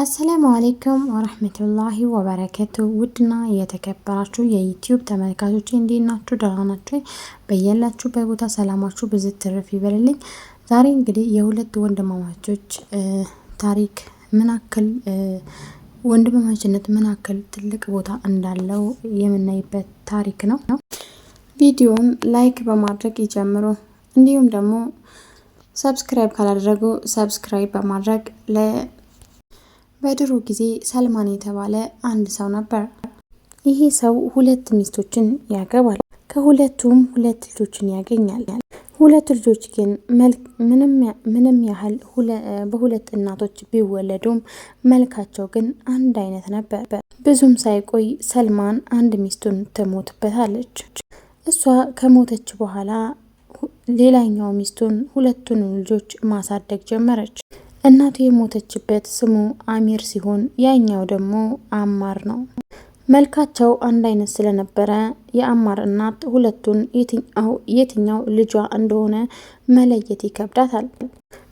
አሰላሙ አሌይኩም ወረህመቱላሂ ወበረከቱ። ውድና የተከበራችሁ የዩትዩብ ተመልካቾች እንዴት ናችሁ? ደህና ናችሁ? በያላችሁ በቦታ ሰላማችሁ ብዙ ትርፍ ይበልልኝ። ዛሬ እንግዲህ የሁለት ወንድማማቾች ታሪክ ምን ያክል ወንድማማችነት ምን ያክል ትልቅ ቦታ እንዳለው የምናይበት ታሪክ ነው። ቪዲዮውን ላይክ በማድረግ ይጀምሩ። እንዲሁም ደግሞ ሰብስክራይብ ካላደረጉ ሰብስክራይብ በማድረግ በድሮ ጊዜ ሰልማን የተባለ አንድ ሰው ነበር። ይሄ ሰው ሁለት ሚስቶችን ያገባል። ከሁለቱም ሁለት ልጆችን ያገኛል። ሁለት ልጆች ግን ምንም ያህል በሁለት እናቶች ቢወለዱም መልካቸው ግን አንድ አይነት ነበር። ብዙም ሳይቆይ ሰልማን አንድ ሚስቱን ትሞትበታለች። እሷ ከሞተች በኋላ ሌላኛው ሚስቱን ሁለቱን ልጆች ማሳደግ ጀመረች። እናቱ የሞተችበት ስሙ አሚር ሲሆን ያኛው ደግሞ አማር ነው። መልካቸው አንድ አይነት ስለነበረ የአማር እናት ሁለቱን የትኛው ልጇ እንደሆነ መለየት ይከብዳታል።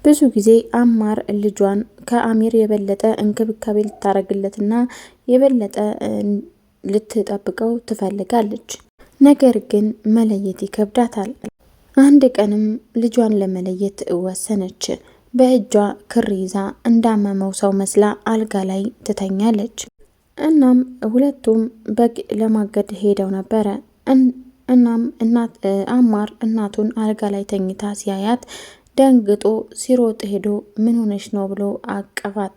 ብዙ ጊዜ አማር ልጇን ከአሚር የበለጠ እንክብካቤ ልታደርግለትና የበለጠ ልትጠብቀው ትፈልጋለች። ነገር ግን መለየት ይከብዳታል። አንድ ቀንም ልጇን ለመለየት ወሰነች። በእጇ ክር ይዛ እንዳመመው ሰው መስላ አልጋ ላይ ትተኛለች። እናም ሁለቱም በግ ለማገድ ሄደው ነበረ። እናም አማር እናቱን አልጋ ላይ ተኝታ ሲያያት ደንግጦ ሲሮጥ ሄዶ ምን ሆነሽ ነው ብሎ አቀፋት።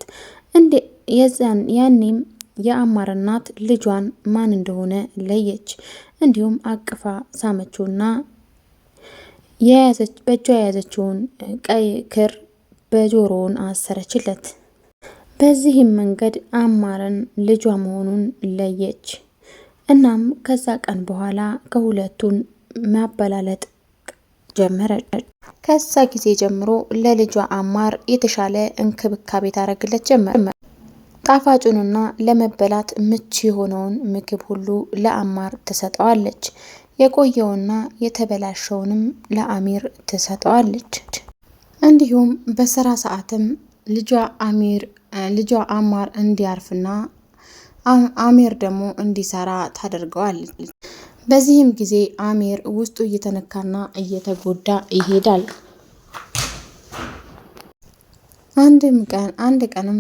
እንዴ የዛን ያኔም የአማር እናት ልጇን ማን እንደሆነ ለየች። እንዲሁም አቅፋ ሳመችውና የያዘች በእጇ የያዘችውን ቀይ ክር በጆሮውን አሰረችለት። በዚህም መንገድ አማረን ልጇ መሆኑን ለየች። እናም ከዛ ቀን በኋላ ከሁለቱን ማበላለጥ ጀመረች። ከዛ ጊዜ ጀምሮ ለልጇ አማር የተሻለ እንክብካቤ ታደረግለት ጀመር። ጣፋጩንና ለመበላት ምቹ የሆነውን ምግብ ሁሉ ለአማር ትሰጠዋለች። የቆየውና የተበላሸውንም ለአሚር ትሰጠዋለች። እንዲሁም በስራ ሰዓትም ልጇ አሚር ልጇ አማር እንዲያርፍና አሚር ደግሞ እንዲሰራ ታደርገዋል። በዚህም ጊዜ አሚር ውስጡ እየተነካና እየተጎዳ ይሄዳል። አንድም ቀን አንድ ቀንም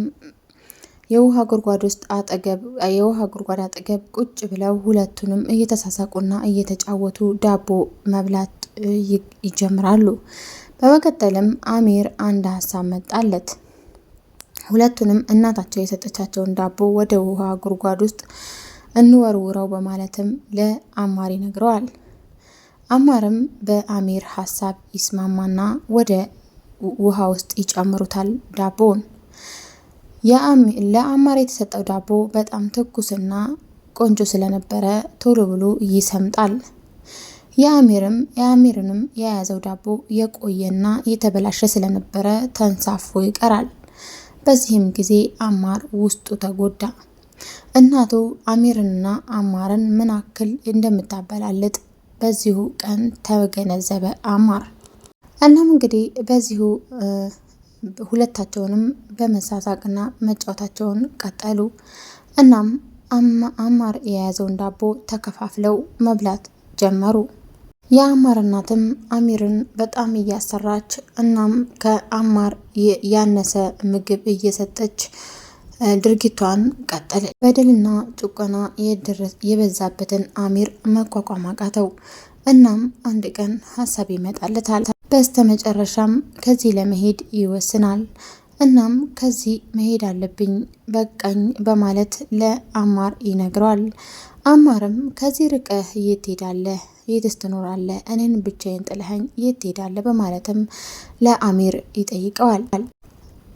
የውሃ ጉድጓድ ውስጥ አጠገብ የውሃ ጉድጓድ አጠገብ ቁጭ ብለው ሁለቱንም እየተሳሳቁና እየተጫወቱ ዳቦ መብላት ይጀምራሉ። በመቀጠልም አሚር አንድ ሀሳብ መጣለት። ሁለቱንም እናታቸው የሰጠቻቸውን ዳቦ ወደ ውሃ ጉድጓድ ውስጥ እንወርውረው በማለትም ለአማር ይነግረዋል። አማርም በአሚር ሀሳብ ይስማማና ወደ ውሃ ውስጥ ይጨምሩታል ዳቦውን። ለአማር የተሰጠው ዳቦ በጣም ትኩስና ቆንጆ ስለነበረ ቶሎ ብሎ ይሰምጣል። የአሚርም የአሚርንም የያዘው ዳቦ የቆየና የተበላሸ ስለነበረ ተንሳፎ ይቀራል። በዚህም ጊዜ አማር ውስጡ ተጎዳ። እናቱ አሚርንና አማርን ምን አክል እንደምታበላልጥ በዚሁ ቀን ተገነዘበ አማር። እናም እንግዲህ በዚሁ ሁለታቸውንም በመሳሳቅና መጫወታቸውን ቀጠሉ። እናም አማር የያዘውን ዳቦ ተከፋፍለው መብላት ጀመሩ። የአማር እናትም አሚርን በጣም እያሰራች እናም ከአማር ያነሰ ምግብ እየሰጠች ድርጊቷን ቀጠለ። በደልና ጭቆና የበዛበትን አሚር መቋቋም አቃተው። እናም አንድ ቀን ሀሳብ ይመጣለታል። በስተመጨረሻም ከዚህ ለመሄድ ይወስናል። እናም ከዚህ መሄድ አለብኝ በቃኝ በማለት ለአማር ይነግረዋል። አማርም ከዚህ ርቀህ የት ትሄዳለህ? የትስ ትኖራለህ? እኔን ብቻዬን ጥለኸኝ የት ትሄዳለህ? በማለትም ለአሚር ይጠይቀዋል።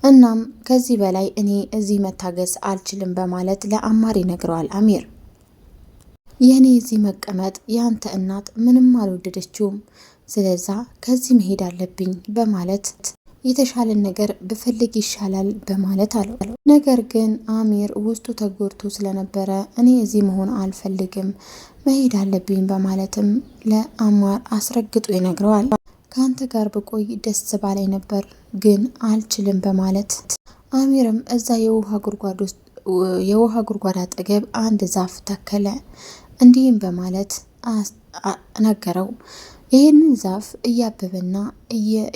እናም ከዚህ በላይ እኔ እዚህ መታገስ አልችልም በማለት ለአማር ይነግረዋል። አሚር የእኔ እዚህ መቀመጥ የአንተ እናት ምንም አልወደደችውም፣ ስለዛ ከዚህ መሄድ አለብኝ በማለት የተሻለን ነገር ብፈልግ ይሻላል በማለት አለው። ነገር ግን አሚር ውስጡ ተጎድቶ ስለነበረ እኔ እዚህ መሆን አልፈልግም መሄድ አለብኝ በማለትም ለአማር አስረግጦ ይነግረዋል። ከአንተ ጋር ብቆይ ደስ ባላይ ነበር ግን አልችልም በማለት አሚርም እዛ የውሃ ጉድጓድ ውስጥ የውሃ ጉድጓድ አጠገብ አንድ ዛፍ ተከለ። እንዲህም በማለት ነገረው። ይህንን ዛፍ እያበበና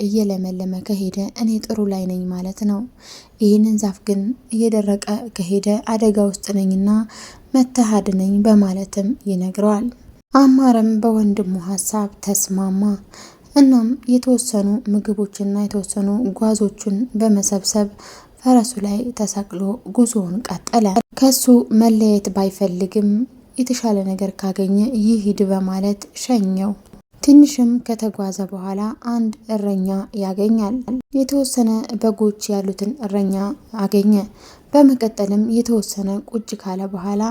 እየለመለመ ከሄደ እኔ ጥሩ ላይ ነኝ ማለት ነው። ይህንን ዛፍ ግን እየደረቀ ከሄደ አደጋ ውስጥ ነኝና መተሃድ ነኝ በማለትም ይነግረዋል። አማረም በወንድሙ ሀሳብ ተስማማ። እናም የተወሰኑ ምግቦችና የተወሰኑ ጓዞችን በመሰብሰብ ፈረሱ ላይ ተሰቅሎ ጉዞውን ቀጠለ። ከሱ መለየት ባይፈልግም የተሻለ ነገር ካገኘ ይሂድ በማለት ሸኘው። ትንሽም ከተጓዘ በኋላ አንድ እረኛ ያገኛል። የተወሰነ በጎች ያሉትን እረኛ አገኘ። በመቀጠልም የተወሰነ ቁጭ ካለ በኋላ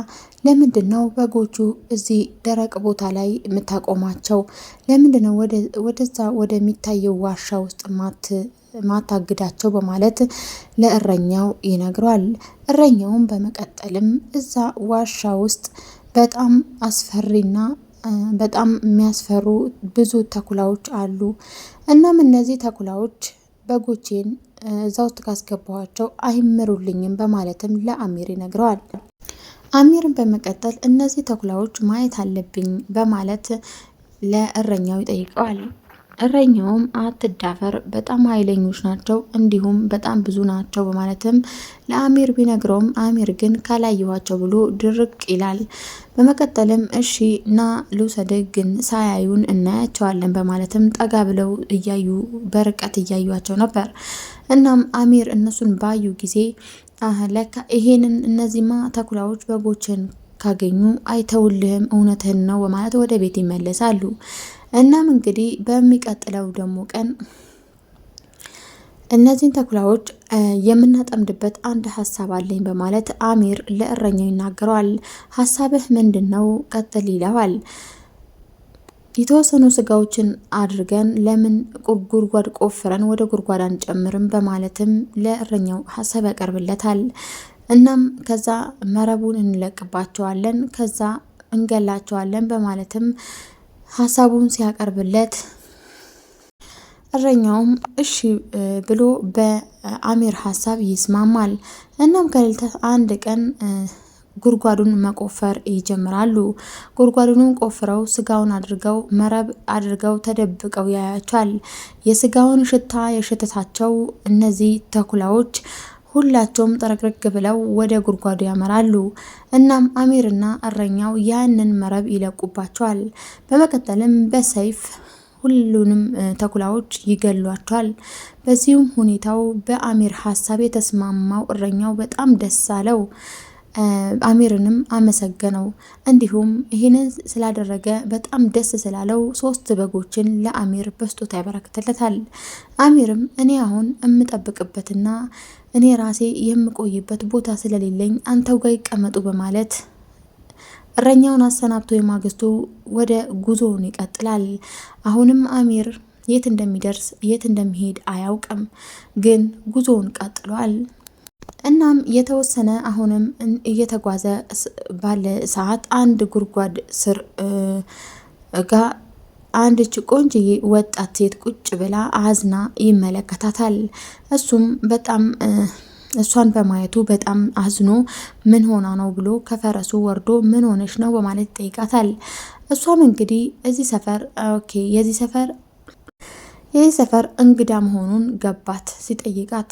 ለምንድን ነው በጎቹ እዚህ ደረቅ ቦታ ላይ የምታቆማቸው? ለምንድን ነው ወደዛ ወደሚታየው ዋሻ ውስጥ ማታግዳቸው? በማለት ለእረኛው ይነግሯል። እረኛውም በመቀጠልም እዛ ዋሻ ውስጥ በጣም አስፈሪና በጣም የሚያስፈሩ ብዙ ተኩላዎች አሉ። እናም እነዚህ ተኩላዎች በጎቼን እዛ ውስጥ ካስገባኋቸው አይምሩልኝም በማለትም ለአሚር ይነግረዋል። አሚርን በመቀጠል እነዚህ ተኩላዎች ማየት አለብኝ በማለት ለእረኛው ይጠይቀዋል። እረኛውም አትዳፈር፣ በጣም ኃይለኞች ናቸው፣ እንዲሁም በጣም ብዙ ናቸው በማለትም ለአሚር ቢነግረውም አሚር ግን ካላየኋቸው ብሎ ድርቅ ይላል። በመቀጠልም እሺ ና ልውሰድህ፣ ግን ሳያዩን እናያቸዋለን በማለትም ጠጋ ብለው እያዩ በርቀት እያዩቸው ነበር። እናም አሚር እነሱን ባዩ ጊዜ ለካ ይሄንን እነዚህማ ተኩላዎች በጎችን ካገኙ አይተውልህም፣ እውነትህን ነው በማለት ወደ ቤት ይመለሳሉ። እናም እንግዲህ በሚቀጥለው ደግሞ ቀን እነዚህን ተኩላዎች የምናጠምድበት አንድ ሀሳብ አለኝ በማለት አሚር ለእረኛው ይናገረዋል። ሀሳብህ ምንድን ነው? ቀጥል ይለዋል። የተወሰኑ ስጋዎችን አድርገን ለምን ጉድጓድ ቆፍረን ወደ ጉድጓድ አንጨምርም? በማለትም ለእረኛው ሀሳብ ያቀርብለታል። እናም ከዛ መረቡን እንለቅባቸዋለን፣ ከዛ እንገላቸዋለን በማለትም ሀሳቡን ሲያቀርብለት እረኛውም እሺ ብሎ በአሚር ሀሳብ ይስማማል። እናም ከሌሊታት አንድ ቀን ጉድጓዱን መቆፈር ይጀምራሉ። ጉድጓዱን ቆፍረው ስጋውን አድርገው መረብ አድርገው ተደብቀው ያያቸዋል። የስጋውን ሽታ የሸተታቸው እነዚህ ተኩላዎች ሁላቸውም ጥርቅርቅ ብለው ወደ ጉድጓዱ ያመራሉ። እናም አሚርና እረኛው ያንን መረብ ይለቁባቸዋል። በመቀጠልም በሰይፍ ሁሉንም ተኩላዎች ይገሏቸዋል። በዚሁም ሁኔታው በአሚር ሀሳብ የተስማማው እረኛው በጣም ደስ አለው። አሚርንም አመሰገነው። እንዲሁም ይህንን ስላደረገ በጣም ደስ ስላለው ሶስት በጎችን ለአሚር በስጦታ ያበረክትለታል። አሚርም እኔ አሁን የምጠብቅበትና እኔ ራሴ የምቆይበት ቦታ ስለሌለኝ አንተው ጋር ይቀመጡ በማለት እረኛውን አሰናብቶ የማግስቱ ወደ ጉዞውን ይቀጥላል። አሁንም አሚር የት እንደሚደርስ የት እንደሚሄድ አያውቅም፣ ግን ጉዞውን ቀጥሏል። እናም የተወሰነ አሁንም እየተጓዘ ባለ ሰዓት አንድ ጉድጓድ ስር ጋ አንድች ቆንጅዬ ወጣት ሴት ቁጭ ብላ አዝና ይመለከታታል። እሱም በጣም እሷን በማየቱ በጣም አዝኖ ምን ሆና ነው ብሎ ከፈረሱ ወርዶ ምን ሆነች ነው በማለት ይጠይቃታል። እሷም እንግዲህ እዚህ ሰፈር ኦኬ የዚህ ሰፈር ይህ ሰፈር እንግዳ መሆኑን ገባት ሲጠይቃት፣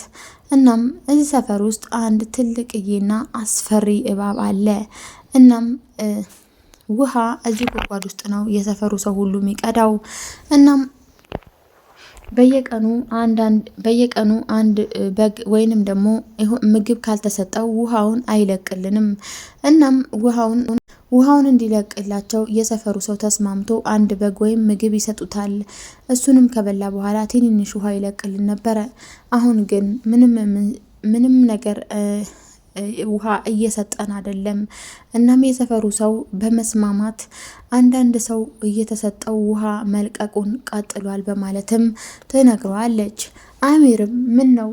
እናም እዚህ ሰፈር ውስጥ አንድ ትልቅዬና አስፈሪ እባብ አለ። እናም ውሃ እዚህ ጉድጓድ ውስጥ ነው የሰፈሩ ሰው ሁሉ የሚቀዳው። እናም በየቀኑ በየቀኑ አንድ በግ ወይንም ደግሞ ምግብ ካልተሰጠው ውሃውን አይለቅልንም። እናም ውሃውን ውሃውን እንዲለቅላቸው የሰፈሩ ሰው ተስማምቶ አንድ በግ ወይም ምግብ ይሰጡታል። እሱንም ከበላ በኋላ ትንንሽ ውሃ ይለቅልን ነበረ። አሁን ግን ምንም ምንም ነገር ውሃ እየሰጠን አይደለም። እናም የሰፈሩ ሰው በመስማማት አንዳንድ ሰው እየተሰጠው ውሃ መልቀቁን ቀጥሏል በማለትም ትነግረዋለች። አሚርም ምን ነው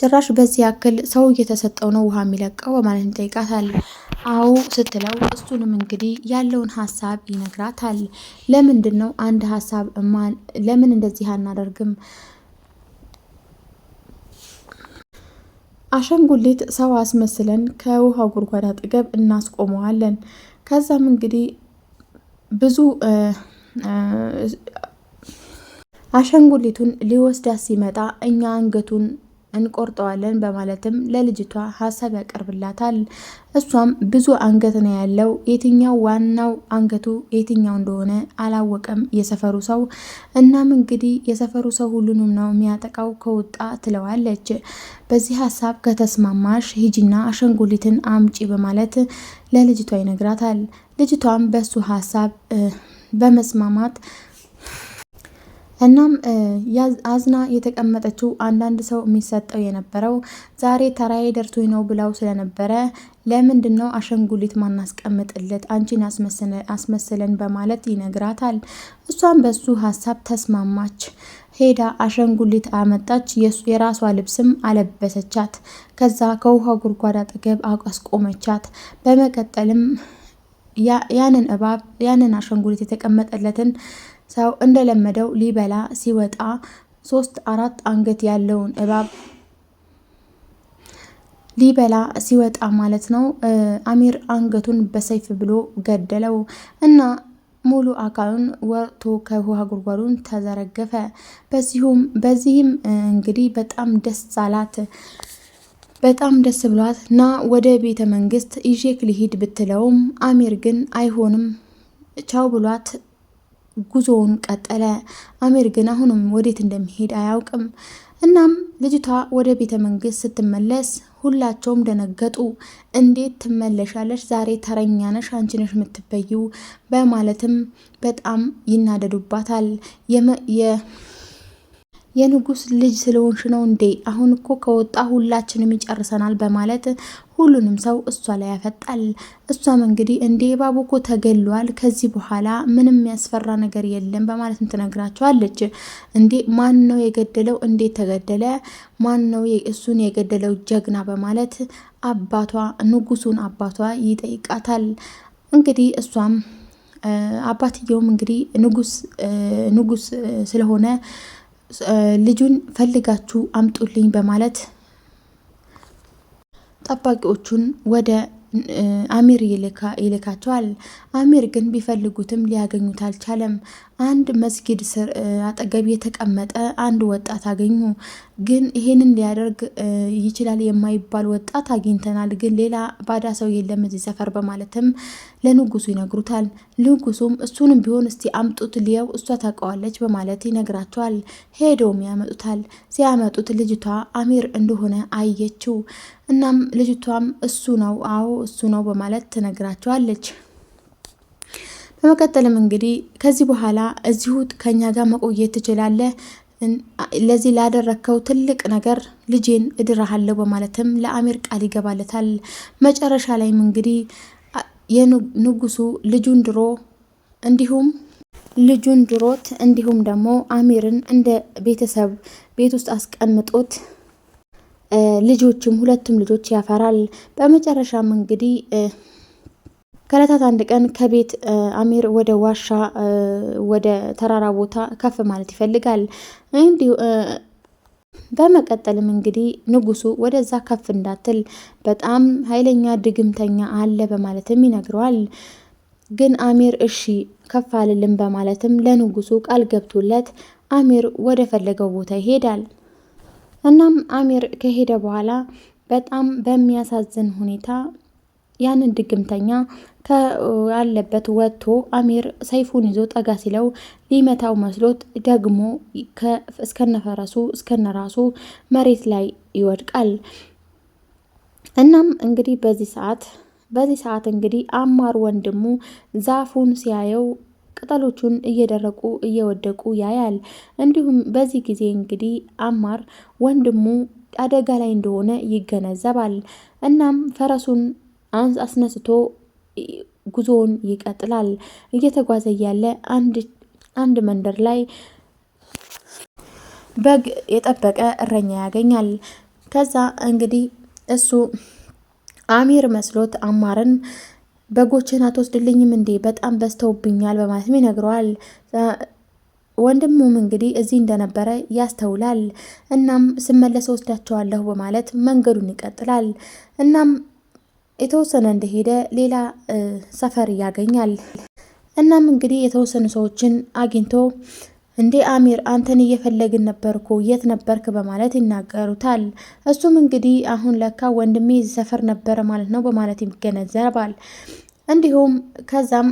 ጭራሽ በዚህ ያክል ሰው እየተሰጠው ነው ውሃ የሚለቀው በማለት ይጠይቃታል። አዎ ስትለው እሱንም እንግዲህ ያለውን ሀሳብ ይነግራታል። ለምንድን ነው አንድ ሀሳብ ለምን እንደዚህ አናደርግም አሻንጉሊት ሰው አስመስለን ከውሃ ጉድጓድ አጠገብ እናስቆመዋለን። ከዛም እንግዲህ ብዙ አሸንጉሊቱን ሊወስዳት ሲመጣ እኛ አንገቱን እንቆርጠዋለን በማለትም ለልጅቷ ሀሳብ ያቀርብላታል። እሷም ብዙ አንገት ነው ያለው፣ የትኛው ዋናው አንገቱ የትኛው እንደሆነ አላወቀም የሰፈሩ ሰው። እናም እንግዲህ የሰፈሩ ሰው ሁሉንም ነው የሚያጠቃው ከወጣ ትለዋለች። በዚህ ሀሳብ ከተስማማሽ ሂጂና አሻንጉሊትን አምጪ በማለት ለልጅቷ ይነግራታል። ልጅቷም በሱ ሀሳብ በመስማማት እናም አዝና የተቀመጠችው አንዳንድ ሰው የሚሰጠው የነበረው ዛሬ ተራዬ ደርቶኝ ነው ብላው ስለነበረ ለምንድን ነው አሻንጉሊት ማናስቀምጥለት አንቺን አስመስለን በማለት ይነግራታል። እሷም በሱ ሀሳብ ተስማማች። ሄዳ አሻንጉሊት አመጣች። የራሷ ልብስም አለበሰቻት። ከዛ ከውሃ ጉድጓድ አጠገብ አስቆመቻት። በመቀጠልም ያንን እባብ ያንን አሻንጉሊት የተቀመጠለትን ሰው እንደለመደው ሊበላ ሲወጣ ሶስት አራት አንገት ያለውን እባብ ሊበላ ሲወጣ ማለት ነው። አሚር አንገቱን በሰይፍ ብሎ ገደለው እና ሙሉ አካሉን ወርቶ ከውሃ ጉድጓዱን ተዘረገፈ። በዚሁም በዚህም እንግዲህ በጣም ደስ አላት። በጣም ደስ ብሏት ና ወደ ቤተ መንግስት ኢዤክ ሊሂድ ብትለውም አሚር ግን አይሆንም ቻው ብሏት ጉዞውን ቀጠለ። አሚር ግን አሁንም ወዴት እንደሚሄድ አያውቅም። እናም ልጅቷ ወደ ቤተ መንግስት ስትመለስ ሁላቸውም ደነገጡ። እንዴት ትመለሻለሽ? ዛሬ ተረኛ ነሽ፣ አንቺ ነሽ የምትበይው በማለትም በጣም ይናደዱባታል። የንጉስ ልጅ ስለሆንሽ ነው እንዴ? አሁን እኮ ከወጣ ሁላችንም ይጨርሰናል በማለት ሁሉንም ሰው እሷ ላይ ያፈጣል። እሷም እንግዲህ እንዴ እባቡ እኮ ተገሏል፣ ከዚህ በኋላ ምንም የሚያስፈራ ነገር የለም በማለትም ትነግራቸዋለች። እንዴ ማን ነው የገደለው? እንዴት ተገደለ? ማን ነው እሱን የገደለው ጀግና? በማለት አባቷ ንጉሱን አባቷ ይጠይቃታል። እንግዲህ እሷም አባትየውም እንግዲህ ንጉስ ንጉስ ስለሆነ ልጁን ፈልጋችሁ አምጡልኝ በማለት ጠባቂዎቹን ወደ አሚር ይልካቸዋል። አሚር ግን ቢፈልጉትም ሊያገኙት አልቻለም። አንድ መስጊድ ስር አጠገብ የተቀመጠ አንድ ወጣት አገኙ። ግን ይሄንን ሊያደርግ ይችላል የማይባል ወጣት አግኝተናል፣ ግን ሌላ ባዳ ሰው የለም እዚህ ሰፈር በማለትም ለንጉሱ ይነግሩታል። ንጉሱም እሱንም ቢሆን እስቲ አምጡት ሊያው እሷ ታውቀዋለች በማለት ይነግራቸዋል። ሄደውም ያመጡታል። ሲያመጡት ልጅቷ አሚር እንደሆነ አየችው። እናም ልጅቷም እሱ ነው፣ አዎ እሱ ነው በማለት ትነግራቸዋለች። በመቀጠልም እንግዲህ ከዚህ በኋላ እዚሁ ከኛ ጋር መቆየት ትችላለህ ለዚህ ላደረግከው ትልቅ ነገር ልጄን እድራሃለሁ በማለትም ለአሚር ቃል ይገባለታል። መጨረሻ ላይም እንግዲህ የንጉሱ ልጁን ድሮ እንዲሁም ልጁን ድሮት እንዲሁም ደግሞ አሚርን እንደ ቤተሰብ ቤት ውስጥ አስቀምጦት ልጆችም ሁለቱም ልጆች ያፈራል። በመጨረሻም እንግዲህ ከእለታት አንድ ቀን ከቤት አሚር ወደ ዋሻ ወደ ተራራ ቦታ ከፍ ማለት ይፈልጋል። እንዲሁ በመቀጠልም እንግዲህ ንጉሱ ወደዛ ከፍ እንዳትል በጣም ኃይለኛ ድግምተኛ አለ በማለትም ይነግረዋል። ግን አሚር እሺ ከፍ አልልም በማለትም ለንጉሱ ቃል ገብቶለት አሚር ወደ ፈለገው ቦታ ይሄዳል። እናም አሚር ከሄደ በኋላ በጣም በሚያሳዝን ሁኔታ ያንን ድግምተኛ ከአለበት ወጥቶ አሚር ሰይፉን ይዞ ጠጋ ሲለው ሊመታው መስሎት ደግሞ እስከነፈረሱ እስከነራሱ መሬት ላይ ይወድቃል። እናም እንግዲህ በዚህ ሰዓት በዚህ ሰዓት እንግዲህ አማር ወንድሙ ዛፉን ሲያየው ቅጠሎቹን እየደረቁ እየወደቁ ያያል። እንዲሁም በዚህ ጊዜ እንግዲህ አማር ወንድሙ አደጋ ላይ እንደሆነ ይገነዘባል። እናም ፈረሱን አስነስቶ ጉዞውን ይቀጥላል። እየተጓዘ እያለ አንድ መንደር ላይ በግ የጠበቀ እረኛ ያገኛል። ከዛ እንግዲህ እሱ አሚር መስሎት አማርን በጎችን አትወስድልኝም እንዴ በጣም በዝተውብኛል በማለትም ይነግረዋል። ወንድሙም እንግዲህ እዚህ እንደነበረ ያስተውላል። እናም ስመለስ ወስዳቸዋለሁ በማለት መንገዱን ይቀጥላል። እናም የተወሰነ እንደሄደ ሌላ ሰፈር ያገኛል። እናም እንግዲህ የተወሰኑ ሰዎችን አግኝቶ እንዴ አሚር አንተን እየፈለግን ነበርኩ የት ነበርክ? በማለት ይናገሩታል። እሱም እንግዲህ አሁን ለካ ወንድሜ ሰፈር ነበረ ማለት ነው በማለት ይገነዘባል። እንዲሁም ከዛም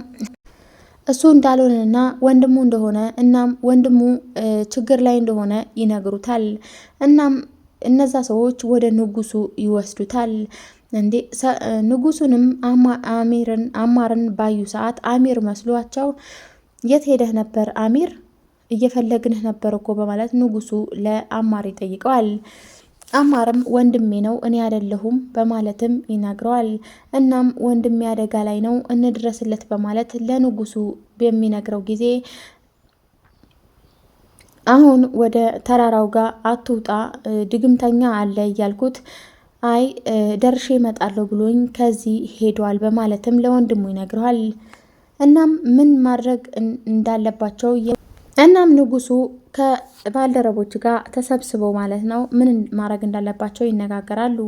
እሱ እንዳልሆነና ወንድሙ እንደሆነ እናም ወንድሙ ችግር ላይ እንደሆነ ይነግሩታል። እናም እነዛ ሰዎች ወደ ንጉሱ ይወስዱታል። እንዴ ንጉሱንም አሚርን አማርን ባዩ ሰዓት አሚር መስሏቸው የት ሄደህ ነበር አሚር እየፈለግንህ ነበር እኮ በማለት ንጉሱ ለአማር ይጠይቀዋል። አማርም ወንድሜ ነው እኔ አይደለሁም በማለትም ይነግረዋል። እናም ወንድሜ አደጋ ላይ ነው እንድረስለት በማለት ለንጉሱ በሚነግረው ጊዜ አሁን ወደ ተራራው ጋር አትውጣ ድግምተኛ አለ እያልኩት አይ ደርሼ እመጣለሁ ብሎኝ ከዚህ ሄዷል በማለትም ለወንድሙ ይነግረዋል። እናም ምን ማድረግ እንዳለባቸው እናም ንጉሱ ከባልደረቦች ጋር ተሰብስበው ማለት ነው ምን ማድረግ እንዳለባቸው ይነጋገራሉ።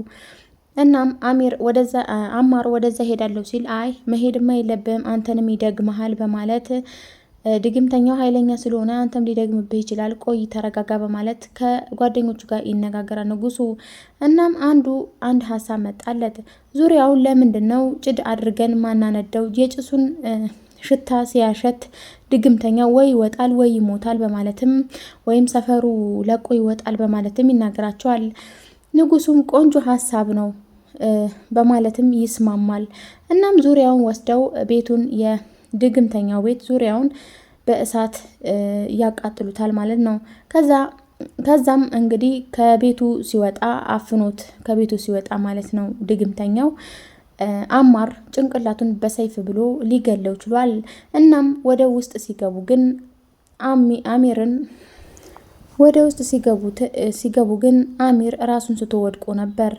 እናም አሚር ወደዛ አማር ወደዛ ሄዳለሁ ሲል አይ መሄድማ የለብም አንተንም ይደግመሃል በማለት ድግምተኛው ኃይለኛ ስለሆነ አንተም ሊደግምብህ ይችላል። ቆይ ተረጋጋ በማለት ከጓደኞቹ ጋር ይነጋገራል ንጉሱ። እናም አንዱ አንድ ሀሳብ መጣለት። ዙሪያውን ለምንድን ነው ጭድ አድርገን ማናነደው? የጭሱን ሽታ ሲያሸት ድግምተኛ ወይ ይወጣል ወይ ይሞታል በማለትም ወይም ሰፈሩ ለቆ ይወጣል በማለትም ይናገራቸዋል። ንጉሱም ቆንጆ ሀሳብ ነው በማለትም ይስማማል። እናም ዙሪያውን ወስደው ቤቱን ድግምተኛው ቤት ዙሪያውን በእሳት ያቃጥሉታል ማለት ነው። ከዛ ከዛም እንግዲህ ከቤቱ ሲወጣ አፍኖት ከቤቱ ሲወጣ ማለት ነው ድግምተኛው አማር ጭንቅላቱን በሰይፍ ብሎ ሊገለው ችሏል። እናም ወደ ውስጥ ሲገቡ ግን አሚርን ወደ ውስጥ ሲገቡ ግን አሚር ራሱን ስቶ ወድቆ ነበር።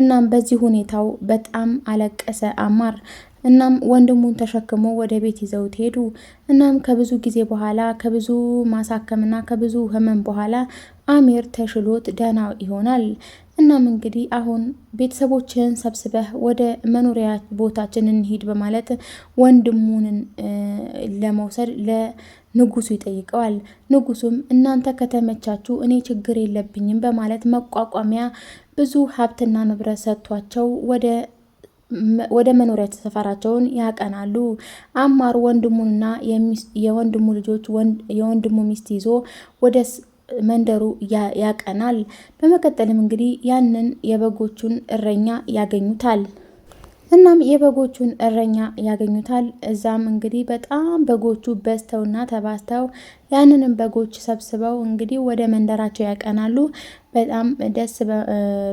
እናም በዚህ ሁኔታው በጣም አለቀሰ አማር። እናም ወንድሙን ተሸክሞ ወደ ቤት ይዘውት ሄዱ። እናም ከብዙ ጊዜ በኋላ ከብዙ ማሳከምና ከብዙ ህመም በኋላ አሚር ተሽሎት ደህና ይሆናል። እናም እንግዲህ አሁን ቤተሰቦችህን ሰብስበህ ወደ መኖሪያ ቦታችን እንሂድ በማለት ወንድሙንን ለመውሰድ ለንጉሱ ይጠይቀዋል። ንጉሱም እናንተ ከተመቻችሁ እኔ ችግር የለብኝም በማለት መቋቋሚያ ብዙ ሀብትና ንብረት ሰጥቷቸው ወደ ወደ መኖሪያ ሰፈራቸውን ያቀናሉ። አማር ወንድሙንና የወንድሙ ልጆች የወንድሙ ሚስት ይዞ ወደ መንደሩ ያቀናል። በመቀጠልም እንግዲህ ያንን የበጎቹን እረኛ ያገኙታል። እናም የበጎቹን እረኛ ያገኙታል። እዛም እንግዲህ በጣም በጎቹ በዝተውና ተባዝተው ያንንም በጎች ሰብስበው እንግዲህ ወደ መንደራቸው ያቀናሉ። በጣም ደስ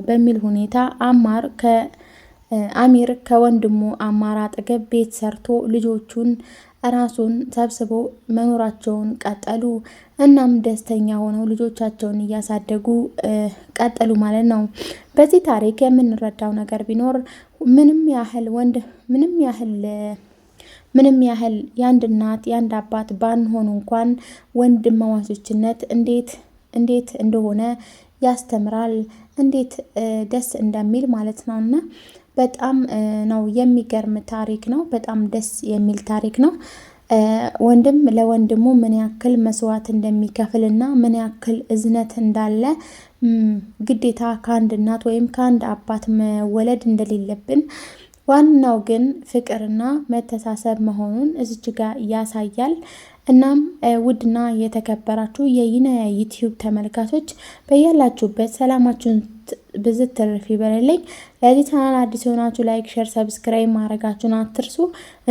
በሚል ሁኔታ አማር ከ አሚር ከወንድሙ አማራ አጠገብ ቤት ሰርቶ ልጆቹን ራሱን ሰብስቦ መኖራቸውን ቀጠሉ። እናም ደስተኛ ሆነው ልጆቻቸውን እያሳደጉ ቀጠሉ ማለት ነው። በዚህ ታሪክ የምንረዳው ነገር ቢኖር ምንም ያህል ወንድ ምንም ያህል ምንም ያህል የአንድ እናት የአንድ አባት ባንሆኑ እንኳን ወንድማማቾችነት እንዴት እንዴት እንደሆነ ያስተምራል፣ እንዴት ደስ እንደሚል ማለት ነው እና በጣም ነው የሚገርም ታሪክ ነው። በጣም ደስ የሚል ታሪክ ነው። ወንድም ለወንድሙ ምን ያክል መስዋዕት እንደሚከፍል እና ምን ያክል እዝነት እንዳለ ግዴታ ከአንድ እናት ወይም ከአንድ አባት መወለድ እንደሌለብን ዋናው ግን ፍቅርና መተሳሰብ መሆኑን እዚች ጋር ያሳያል። እናም ውድና የተከበራችሁ የይነ ዩቲዩብ ተመልካቾች በያላችሁበት ሰላማችሁን ብዝት ትርፍ ይበልልኝ። ለዚህ ቻናል አዲስ የሆናችሁ ላይክ፣ ሸር፣ ሰብስክራይብ ማድረጋችሁን አትርሱ።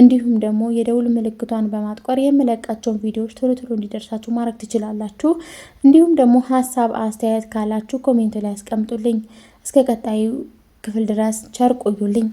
እንዲሁም ደግሞ የደውል ምልክቷን በማጥቆር የምለቃቸውን ቪዲዮዎች ቶሎ ቶሎ እንዲደርሳችሁ ማድረግ ትችላላችሁ። እንዲሁም ደግሞ ሀሳብ አስተያየት ካላችሁ ኮሜንት ላይ ያስቀምጡልኝ። እስከ ቀጣዩ ክፍል ድረስ ቸር ቆዩልኝ።